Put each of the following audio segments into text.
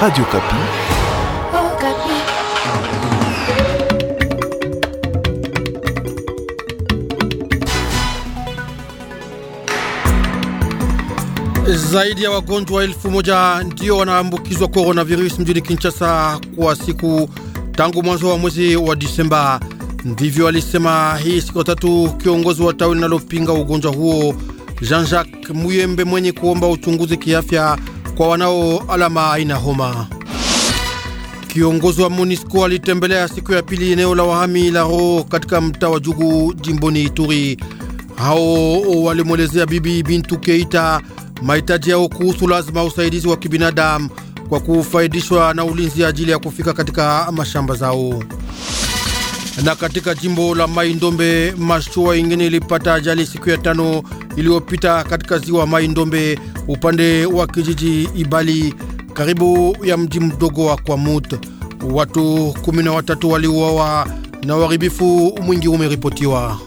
Radio Kapi. Oh, Kapi. Zaidi ya wagonjwa elfu moja ndio wanaambukizwa coronavirus mjini Kinshasa kwa siku tangu mwanzo wa mwezi wa Disemba. Ndivyo alisema hii siku tatu kiongozi wa tawi linalopinga ugonjwa huo Jean-Jacques Muyembe mwenye kuomba uchunguzi kiafya kwa wanao alama aina homa. Kiongozi wa MONUSCO alitembelea siku ya pili eneo la wahami la Ro katika mtaa wa Jugu jimboni Ituri. Hao walimwelezea Bibi Bintu Keita mahitaji yao kuhusu lazima usaidizi wa kibinadamu kwa kufaidishwa na ulinzi ajili ya kufika katika mashamba zao. Na katika jimbo la Mai Ndombe, mashua ingine ilipata ajali siku ya tano iliyopita katika ziwa Mai Ndombe upande wa kijiji Ibali karibu ya mji mdogo wa Kwamut. Watu 13 waliuawa na uharibifu mwingi umeripotiwa.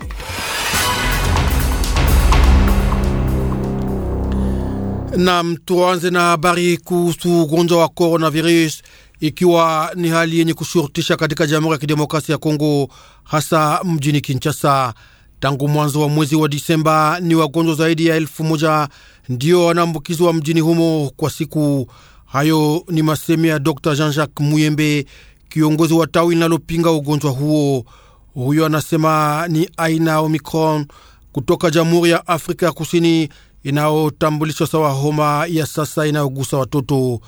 Nam, tuanze na habari kuhusu ugonjwa wa coronavirus, ikiwa ni hali yenye kushurutisha katika Jamhuri ya Kidemokrasia ya Kongo, hasa mjini Kinshasa. Tangu mwanzo wa mwezi wa Disemba ni wagonjwa zaidi ya elfu moja ndio wanaambukizwa mjini humo kwa siku. Hayo ni masemi ya Dr Jean-Jacques Muyembe, kiongozi wa tawi linalopinga ugonjwa huo. Huyo anasema ni aina ya Omicron kutoka Jamhuri ya Afrika ya Kusini inayotambulishwa sawa homa ya sasa inayogusa watoto.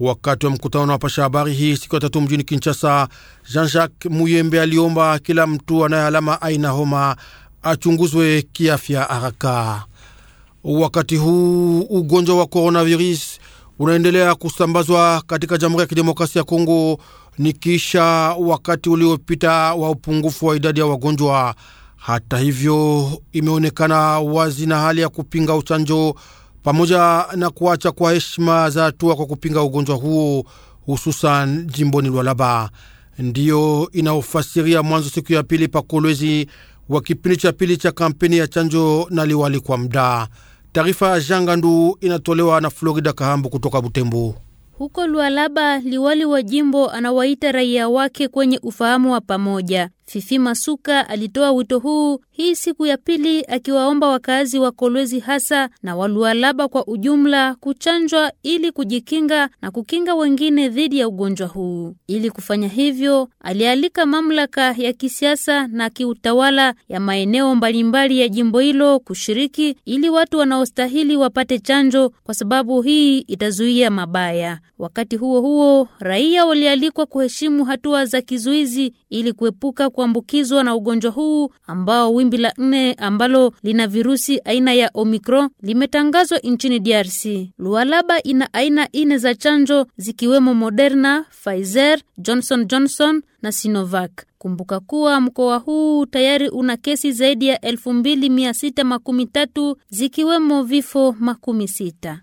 Wakati wa mkutano na wapasha habari hii siku ya tatu mjini Kinshasa, Jean-Jacques Muyembe aliomba kila mtu anayealama aina homa achunguzwe kiafya haraka. Wakati huu ugonjwa wa coronavirus unaendelea kusambazwa katika Jamhuri ya Kidemokrasia ya Kongo ni kisha wakati uliopita wa upungufu wa idadi ya wagonjwa. Hata hivyo, imeonekana wazi na hali ya kupinga uchanjo pamoja na kuacha kwa heshima za hatua kwa kupinga ugonjwa huo, hususan jimboni Lwalaba, ndiyo inaofasiria mwanzo siku ya pili pa Kolwezi wa kipindi cha pili cha kampeni ya chanjo na liwali kwa mdaa. Taarifa ya Jangandu inatolewa na Florida Kahambu kutoka Butembo. Huko Lualaba, liwali wa jimbo anawaita raia wake kwenye ufahamu wa pamoja. Fifi Masuka alitoa wito huu hii siku ya pili akiwaomba wakazi wa Kolwezi hasa na Walualaba kwa ujumla kuchanjwa ili kujikinga na kukinga wengine dhidi ya ugonjwa huu. Ili kufanya hivyo, alialika mamlaka ya kisiasa na kiutawala ya maeneo mbalimbali ya jimbo hilo kushiriki ili watu wanaostahili wapate chanjo kwa sababu hii itazuia mabaya. Wakati huo huo, raia walialikwa kuheshimu hatua za kizuizi ili kuepuka kuambukizwa na ugonjwa huu ambao wimbi la nne ambalo lina virusi aina ya Omicron limetangazwa nchini DRC. Lualaba ina aina nne za chanjo zikiwemo Moderna, Pfizer, Johnson Johnson na Sinovac. Kumbuka kuwa mkoa huu tayari una kesi zaidi ya elfu mbili mia sita makumi tatu zikiwemo vifo makumi sita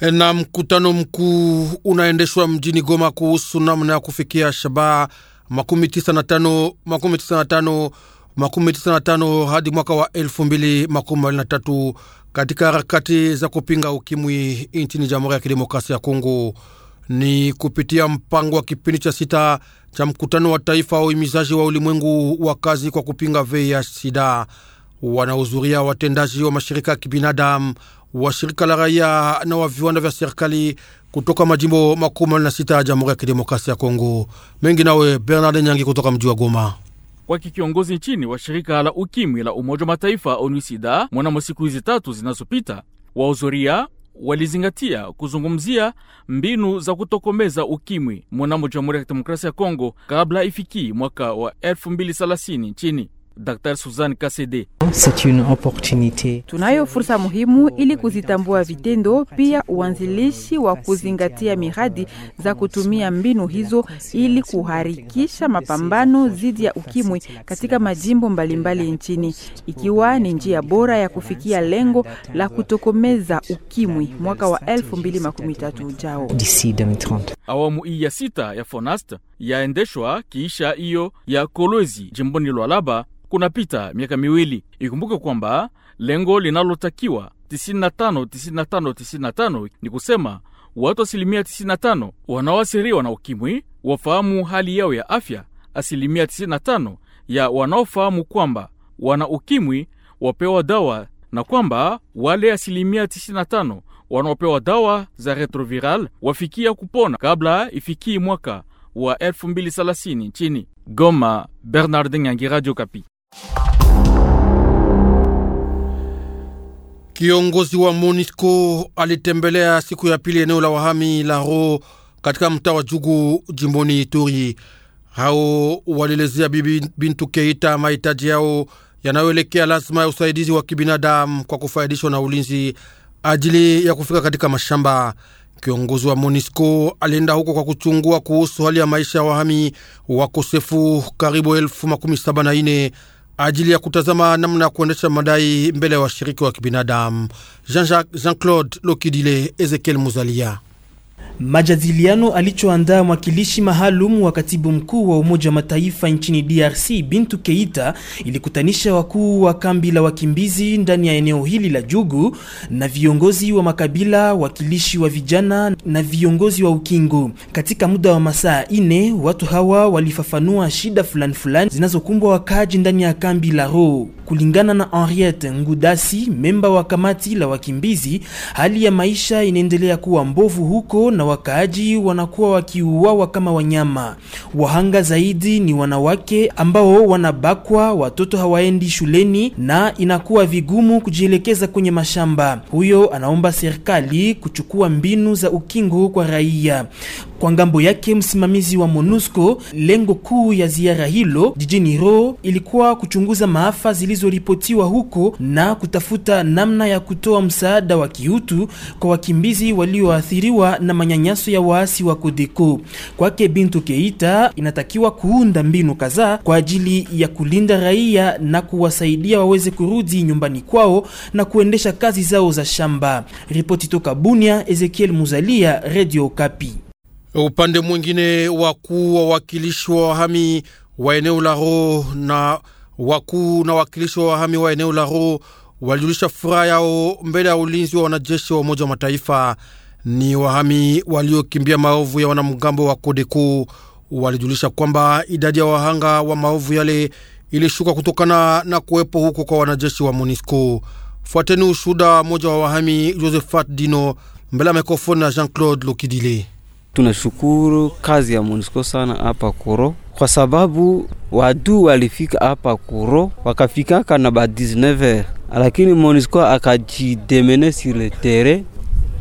e, na mkutano mkuu unaendeshwa mjini Goma kuhusu namna ya kufikia shabaha makumi tisa na tano makumi tisa na tano makumi tisa na tano hadi mwaka wa elfu mbili makumi mawili na tatu katika harakati za kupinga ukimwi nchini Jamhuri ya Kidemokrasia ya Kongo ni kupitia mpango wa kipindi cha sita cha mkutano wa taifa wa uhimizaji wa ulimwengu wa kazi kwa kupinga VIH sida. Wanahudhuria watendaji wa mashirika ya kibinadamu, wa shirika la raia na wa viwanda vya serikali kutoka majimbo makumi mawili na sita ya Jamhuri ya Kidemokrasia ya Kongo. Mengi nawe Bernard Nyangi kutoka mji wa Goma kwake kiongozi nchini wa shirika la ukimwi la Umoja wa Mataifa ONUSIDA, mwanamo siku hizi tatu zinazopita, wahudhuria walizingatia kuzungumzia mbinu za kutokomeza ukimwi mwanamo Jamhuri ya Kidemokrasia ya Kongo kabla ifikii mwaka wa 2030 nchini. Dr. Suzanne Kasede. Tunayo fursa muhimu ili kuzitambua vitendo, pia uanzilishi wa kuzingatia miradi za kutumia mbinu hizo ili kuharikisha mapambano dhidi ya ukimwi katika majimbo mbalimbali mbali nchini, ikiwa ni njia bora ya kufikia lengo la kutokomeza ukimwi mwaka wa 2013 ujao. Awamu hii ya sita ya Fonasta yaendeshwa kiisha hiyo ya Kolwezi jimboni Lwalaba kunapita miaka miwili. Ikumbuke kwamba lengo linalotakiwa 95 95 95 ni kusema watu asilimia 95 wanaoathiriwa na ukimwi wafahamu hali yao ya afya, asilimia 95 ya wanaofahamu kwamba wana ukimwi wapewa dawa, na kwamba wale asilimia 95 wanaopewa dawa za retroviral wafikia kupona kabla ifikii mwaka wa 2030 nchini Goma. Bernard Nyangi, Radio Kapi. Kiongozi wa MONUSCO alitembelea siku ya pili eneo la wahami la Ro katika mtaa wa Jugu jimboni Ituri. Hao walielezea Bibi Bintu Keita mahitaji yao yanayoelekea lazima ya usaidizi wa kibinadamu kwa kufaidishwa na ulinzi ajili ya kufika katika mashamba. Kiongozi wa MONISCO alienda huko kwa kuchungua kuhusu hali ya maisha ya wahami wakosefu karibu elfu makumi saba na ine ajili ya kutazama namna ya kuendesha madai mbele ya washiriki wa, wa kibinadamu. Jean-Claude Lokidile, Ezekiel Muzalia. Majadiliano alichoandaa mwakilishi maalum wa katibu mkuu wa Umoja wa Mataifa nchini DRC Bintu Keita ilikutanisha wakuu wa kambi la wakimbizi ndani ya eneo hili la Jugu na viongozi wa makabila, wakilishi wa vijana na viongozi wa ukingo. Katika muda wa masaa ine, watu hawa walifafanua shida fulani fulani zinazokumbwa wakaaji ndani ya kambi la Roo. Kulingana na Henriette Ngudasi, memba wa kamati la wakimbizi, hali ya maisha inaendelea kuwa mbovu huko na wakaaji wanakuwa wakiuawa kama wanyama. Wahanga zaidi ni wanawake ambao wanabakwa, watoto hawaendi shuleni na inakuwa vigumu kujielekeza kwenye mashamba. Huyo anaomba serikali kuchukua mbinu za ukingo kwa raia. Kwa ngambo yake, msimamizi wa MONUSCO, lengo kuu ya ziara hilo jijini Ro ilikuwa kuchunguza maafa zili zilizoripotiwa huko na kutafuta namna ya kutoa msaada wa kiutu kwa wakimbizi walioathiriwa na manyanyaso ya waasi wa Kodeko. Kwake Bintu Keita, inatakiwa kuunda mbinu kadhaa kwa ajili ya kulinda raia na kuwasaidia waweze kurudi nyumbani kwao na kuendesha kazi zao za shamba. Ripoti toka Bunia, Ezekiel Muzalia, Radio Kapi. Upande mwingine, wakuu wa wakilishi wa wahami wa eneo la Roho na Wakuu na wakilishi wa wahami wa eneo la Ro walijulisha furaha yao mbele ya ulinzi wa wanajeshi wa Umoja wa Mataifa. Ni wahami waliokimbia maovu ya wanamgambo wa Kodeko. Walijulisha kwamba idadi ya wahanga wa maovu yale ilishuka kutokana na kuwepo huko kwa wanajeshi wa MONUSCO. Fuateni ushuda mmoja wa wahami Josephat Dino mbele ya mikrofoni ya Jean-Claude Lokidile. Tunashukuru kazi ya MONUSCO sana hapa kuro kwa sababu wadu walifika hapa kuro wakafikaka na ba 19h, lakini MONUSCO akajidemene sur le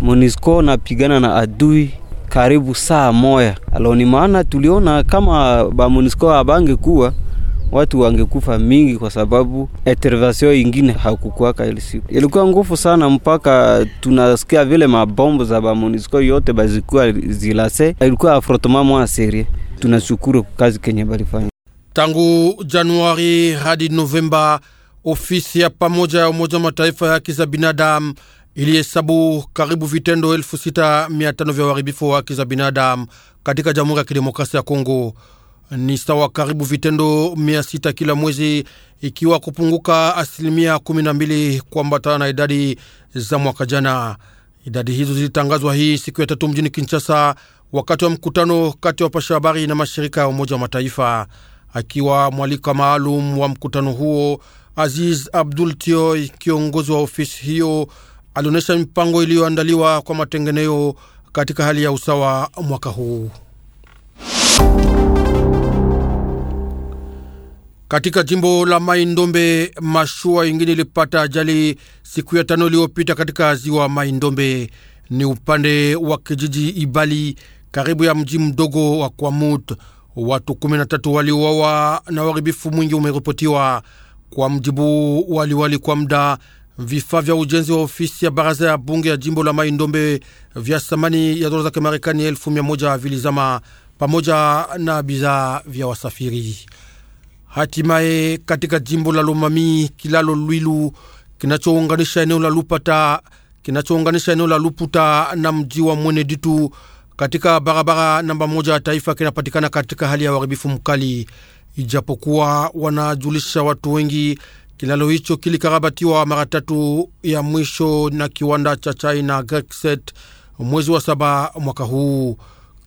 MONUSCO napigana na adui karibu saa moya, aloni maana tuliona kama ba MONUSCO abange kuwa watu wangekufa mingi, kwa sababu intervention ingine hakukuwaka. Ile siku ilikuwa ngufu sana, mpaka tunasikia vile mabombo za bamonisco yote bazikuwa zilase, ilikuwa afrotoma mwa serie. Tunashukuru kazi kenye balifanya tangu Januari hadi Novemba. Ofisi ya pamoja ya Umoja wa Mataifa ya haki za binadamu ilihesabu karibu vitendo 6500 vya uharibifu wa haki za binadamu katika Jamhuri ya Kidemokrasia ya Kongo ni sawa karibu vitendo mia sita kila mwezi, ikiwa kupunguka asilimia kumi na mbili kuambatana na idadi za mwaka jana. Idadi hizo zilitangazwa hii siku ya tatu mjini Kinshasa wakati wa mkutano kati ya wapasha habari na mashirika ya Umoja wa Mataifa. Akiwa mwalika maalum wa mkutano huo, Aziz Abdul Tioy, kiongozi wa ofisi hiyo, alionyesha mipango iliyoandaliwa kwa matengenezo katika hali ya usawa mwaka huu. Katika jimbo la Mai Ndombe, mashua ingine ilipata ajali siku ya tano iliyopita katika ziwa Mai Ndombe, ni upande wa kijiji Ibali karibu ya mji mdogo wa Kwamut. Watu kumi na tatu waliuawa na uharibifu mwingi umeripotiwa, kwa mjibu waliwali wali kwa muda vifaa vya ujenzi wa ofisi ya baraza ya bunge ya jimbo la Mai Ndombe vya thamani ya dola za Kimarekani elfu mia moja vilizama pamoja na bidhaa vya wasafiri. Hatimaye katika jimbo la Lomami, kilalo Lwilu kinachounganisha eneo la Lupata kinachounganisha eneo la Luputa na mji wa Mwene Ditu katika barabara namba moja ya taifa kinapatikana katika hali ya uharibifu mkali, ijapokuwa wanajulisha watu wengi kilalo hicho kilikarabatiwa mara tatu ya mwisho na kiwanda cha China Grexet mwezi wa saba mwaka huu.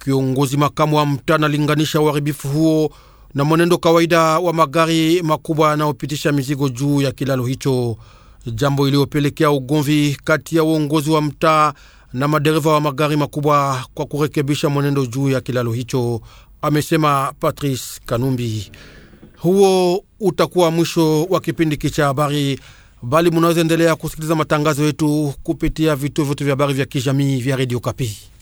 Kiongozi makamu wa mtaa analinganisha uharibifu huo na mwenendo kawaida wa magari makubwa yanayopitisha mizigo juu ya kilalo hicho, jambo iliyopelekea ugomvi kati ya uongozi wa mtaa na madereva wa magari makubwa kwa kurekebisha mwenendo juu ya kilalo hicho, amesema Patrice Kanumbi. Huo utakuwa mwisho wa kipindi kicha habari, bali munaweza endelea kusikiliza matangazo yetu kupitia vituo vyote vya habari vya kijamii vya redio Kapi.